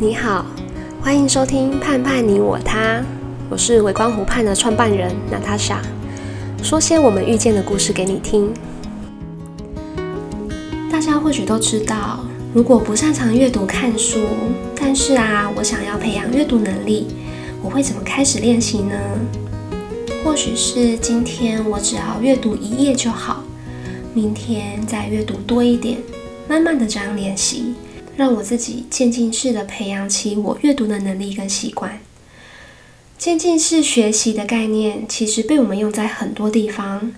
你好，歡迎收聽《盼盼你我他》，我是微光湖盼的創辦人娜塔莎，說些我們遇見的故事給你聽。大家或許都知道，如果不擅長閱讀看書，但是啊，我想要培養閱讀能力，我會怎麼開始練習呢？或許是今天我只要閱讀一頁就好，明天再閱讀多一點，慢慢的這樣練習。讓我自己漸進式的培養起我閱讀的能力跟習慣。漸進式學習的概念其實被我們用在很多地方，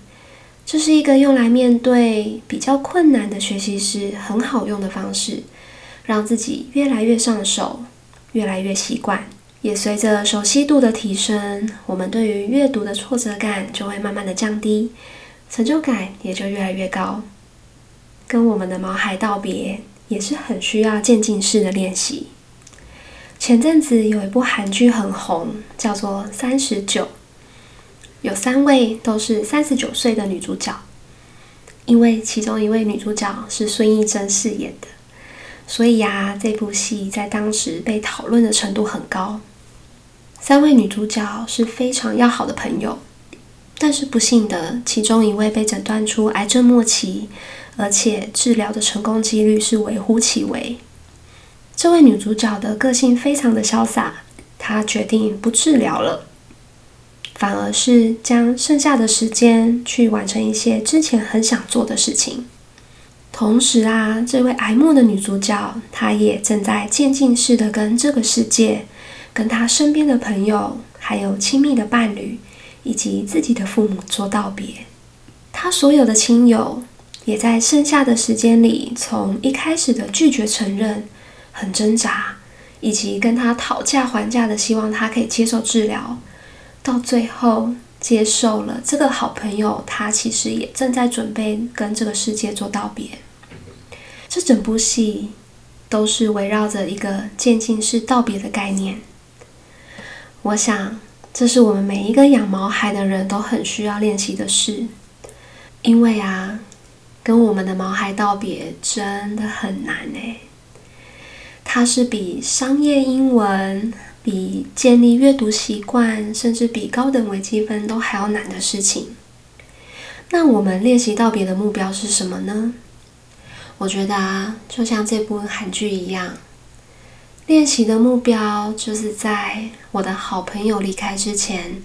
這、就是一個用來面對比較困難的學習時很好用的方式，讓自己越來越上手，越來越習慣。也隨着熟悉度的提升，我們對於閱讀的挫折感就會慢慢的降低，成就感也就越來越高。跟我們的毛孩道別。也是很需要漸進式的練習。前陣子有一部韓劇很紅，叫做《三十九》，有三位都是三十九歲的女主角。因為其中一位女主角是孫藝珍飾演的，所以呀、啊，這部戲在當時被討論的程度很高。三位女主角是非常要好的朋友，但是不幸的，其中一位被診斷出癌症末期。而且治療的成功幾率是微乎其微。這位女主角的個性非常的瀟灑，她決定不治療了，反而是將剩下的時間去完成一些之前很想做的事情。同時啊，這位癌末的女主角，她也正在漸進式的跟這個世界、跟她身邊的朋友、還有親密的伴侶以及自己的父母做道別。她所有的親友。也在剩下的時間裡，從一開始的拒絕承認、很掙扎，以及跟他討價還價的希望他可以接受治療，到最後接受了這個好朋友，他其實也正在準備跟這個世界做道別。這整部戲都是圍繞着一個漸進式道別的概念。我想，這是我們每一個養毛孩的人都很需要練習的事，因為啊。跟我們的毛孩道別真的很難嘞、欸，它是比商業英文、比建立閱讀習慣，甚至比高等微積分都還要難的事情。那我們練習道別的目標是什麼呢？我覺得啊，就像這部韓劇一樣，練習的目標就是在我的好朋友離開之前，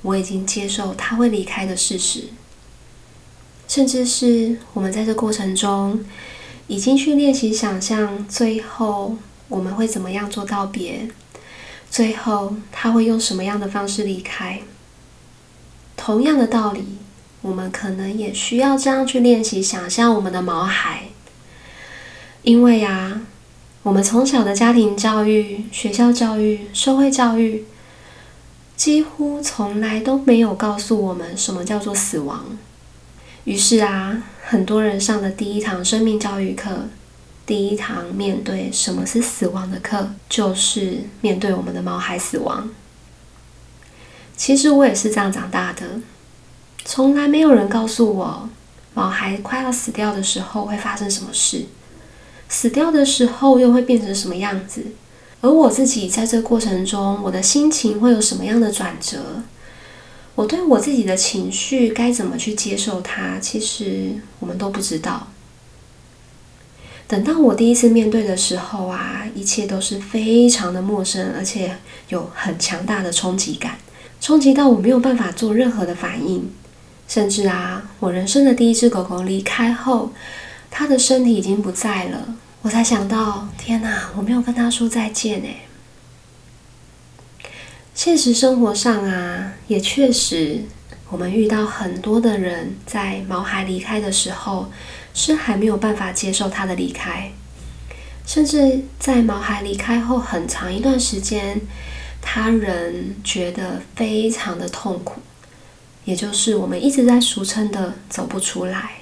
我已經接受他會離開的事實。甚至是我們在這過程中已經去練習想象，最後我們會怎麼樣做道別？最後他會用什麼樣的方式離開？同樣的道理，我們可能也需要這樣去練習想象我們的毛孩。因為呀、啊，我們從小的家庭教育、學校教育、社會教育，幾乎從來都沒有告訴我們什麼叫做死亡。於是啊，很多人上的第一堂生命教育課，第一堂面對什麼是死亡的課，就是面對我們的毛孩死亡。其實我也是這樣長大的，從來沒有人告訴我，毛孩快要死掉的時候會發生什麼事，死掉的時候又會變成什麼樣子，而我自己在這過程中，我的心情會有什麼樣的轉折？我對我自己的情緒該怎麼去接受它，其實我們都不知道。等到我第一次面對的時候啊，一切都是非常的陌生，而且有很強大的衝擊感，衝擊到我沒有辦法做任何的反應。甚至啊，我人生的第一隻狗狗離開後，它的身體已經不在了，我才想到，天哪，我沒有跟它說再見哎、欸。現實生活上啊，也確實，我們遇到很多的人，在毛孩離開的時候，是還沒有辦法接受他的離開，甚至在毛孩離開後很長一段時間，他仍覺得非常的痛苦。也就是我們一直在俗稱的“走不出來”。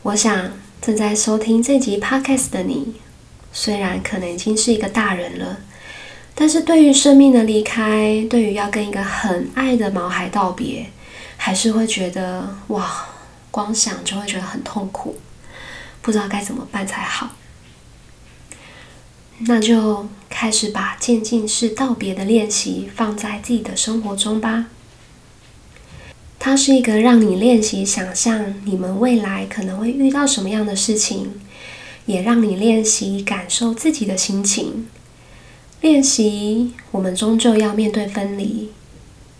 我想正在收聽這集 Podcast 的你，雖然可能已經是一個大人了。但是對於生命的離開，對於要跟一個很愛的毛孩道別，還是會覺得哇，光想就會覺得很痛苦，不知道該怎麼辦才好。那就開始把漸進式道別的練習放在自己的生活中吧。它是一個讓你練習想象你們未來可能會遇到什麼樣的事情，也讓你練習感受自己的心情。練習，我們終究要面對分離，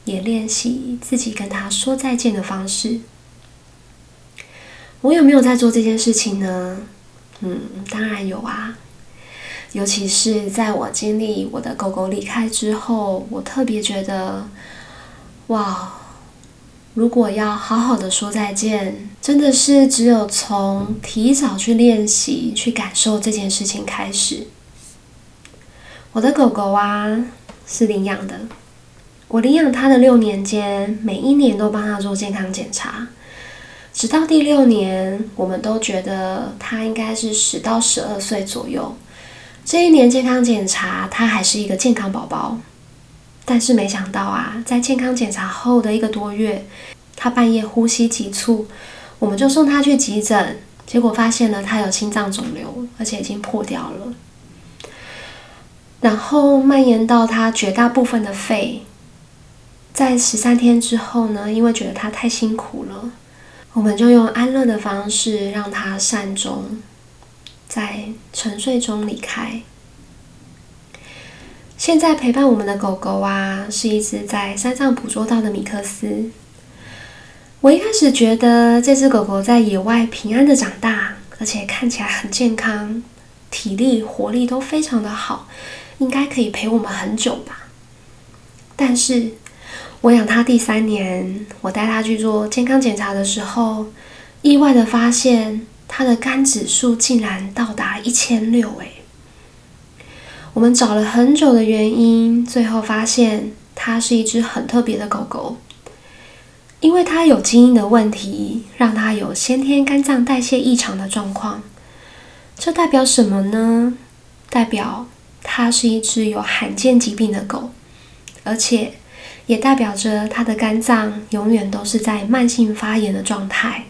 也練習自己跟他說再見的方式。我有沒有在做這件事情呢？嗯，當然有啊。尤其是在我經歷我的狗狗離開之後，我特別覺得，哇，如果要好好的說再見，真的是只有從提早去練習、去感受這件事情開始。我的狗狗啊，是領養的。我領養它的六年間，每一年都幫它做健康檢查，直到第六年，我們都覺得它應該是十到十二歲左右。這一年健康檢查，它還是一個健康寶寶。但是沒想到啊，在健康檢查後的一個多月，它半夜呼吸急促，我們就送它去急診，結果發現呢，它有心臟腫瘤，而且已經破掉了。然後蔓延到它絕大部分的肺，在十三天之後呢，因為覺得它太辛苦了，我們就用安樂的方式讓它善終，在沉睡中離開。現在陪伴我們的狗狗啊，是一只在山上捕捉到的米克斯。我一開始覺得這只狗狗在野外平安的長大，而且看起來很健康，體力、活力都非常的好。應該可以陪我們很久吧。但是，我養它第三年，我帶它去做健康檢查的時候，意外地發現它的肝指數竟然到達一千六哎！我們找了很久的原因，最後發現它是一隻很特別的狗狗，因為它有基因的問題，讓它有先天肝臟代謝異常的狀況。這代表什麼呢？代表。它是一隻有罕見疾病的狗，而且也代表着它的肝臟永遠都是在慢性發炎的狀態。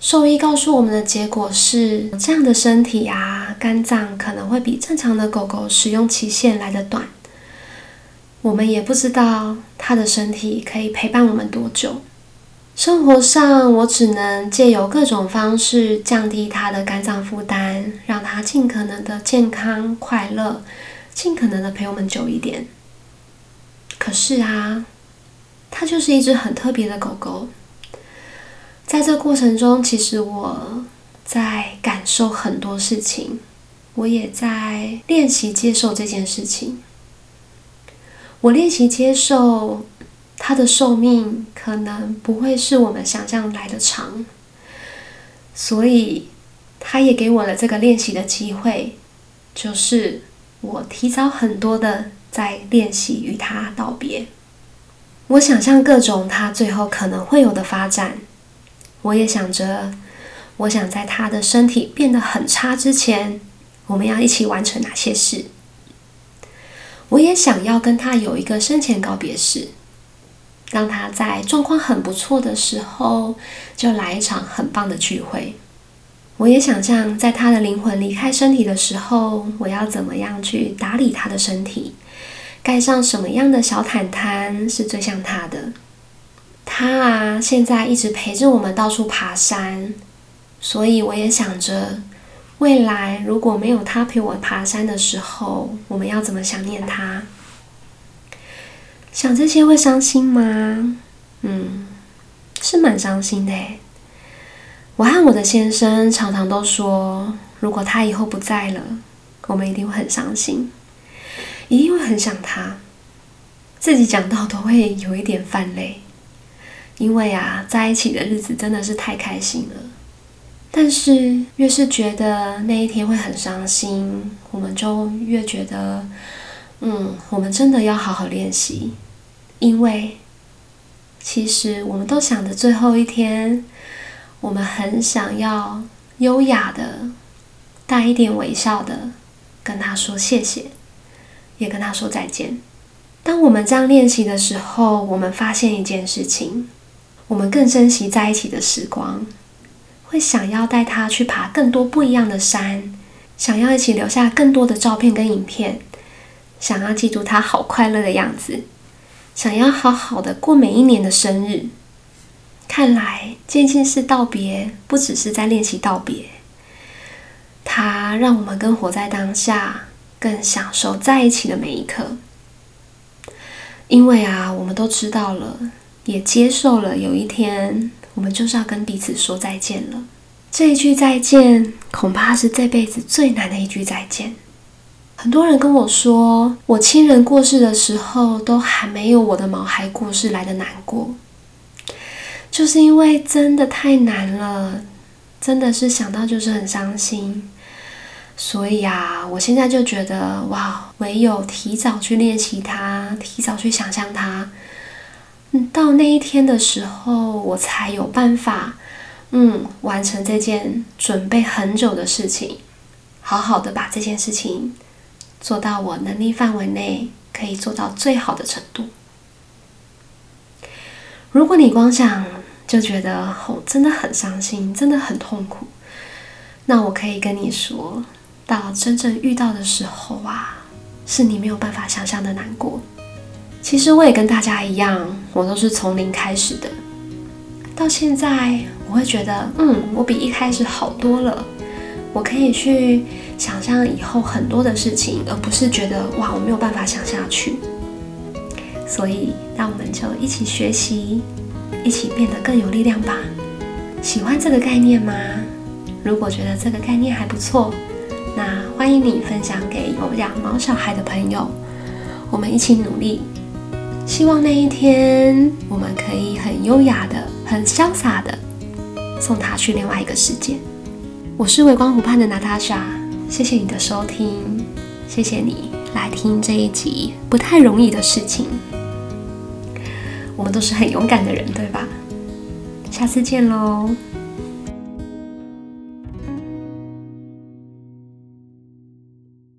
獸醫告訴我們的結果是，這樣的身體啊，肝臟可能會比正常的狗狗使用期限來得短。我們也不知道它的身體可以陪伴我們多久。生活上，我只能借由各種方式降低他的肝臟負擔，讓他盡可能的健康快樂，盡可能的陪我們久一點。可是啊，他就是一只很特別的狗狗。在這過程中，其實我在感受很多事情，我也在練習接受這件事情。我練習接受，他的壽命可能不會是我們想象來得長，所以他也給我了這個練習的機會，就是我提早很多的在練習與他道別。我想象各種他最後可能會有的發展，我也想着，我想在他的身體變得很差之前，我們要一起完成哪些事。我也想要跟他有一個生前告別式。讓他在狀況很不錯的時候，就來一場很棒的聚會。我也想象，在他的靈魂離開身體的時候，我要怎麼樣去打理他的身體？蓋上什麼樣的小毯毯是最像他的？他啊，現在一直陪着我們到處爬山，所以我也想着，未來如果沒有他陪我爬山的時候，我們要怎麼想念他？想這些會傷心嗎？嗯，是蠻傷心的耶。我和我的先生常常都說，如果他以後不在了，我們一定會很傷心，一定會很想他。自己講到都會有一點泛淚，因為啊，在一起的日子真的是太開心了。但是越是覺得那一天會很傷心，我們就越覺得。嗯，我們真的要好好練習，因為其實我們都想着最後一天，我們很想要優雅的、帶一點微笑的跟他說謝謝，也跟他說再見。當我們這樣練習的時候，我們發現一件事情，我們更珍惜在一起的時光，會想要帶他去爬更多不一樣的山，想要一起留下更多的照片跟影片。想要記住他好快樂的樣子，想要好好的過每一年的生日。看來，漸進式道別，不只是在練習道別，它讓我們更活在當下，更享受在一起的每一刻。因為啊，我們都知道了，也接受了，有一天我們就是要跟彼此說再見了。這一句再見，恐怕是這輩子最難的一句再見。很多人跟我說，我親人過世的時候，都還沒有我的毛孩過世來得難過，就是因為真的太難了，真的是想到就是很傷心。所以啊，我現在就覺得哇，唯有提早去練習它，提早去想象它，嗯，到那一天的時候，我才有辦法，嗯，完成這件準備很久的事情，好好的把這件事情。做到我能力範圍內可以做到最好的程度。如果你光想就覺得吼、哦、真的很傷心，真的很痛苦，那我可以跟你說，到真正遇到的時候啊，是你沒有辦法想象的難過。其實我也跟大家一樣，我都是從零開始的，到現在我會覺得，嗯，我比一開始好多了。我可以去想象以後很多的事情，而不是覺得哇，我沒有辦法想下去。所以，讓我們就一起學習，一起變得更有力量吧。喜歡這個概念嗎？如果覺得這個概念還不錯，那歡迎你分享給有養毛小孩的朋友。我們一起努力，希望那一天我們可以很優雅的、很瀟灑的送他去另外一個世界。我是微光湖畔的娜塔莎，謝謝你的收聽，謝謝你來聽這一集不太容易的事情。我們都是很勇敢的人，對吧？下次見嘍。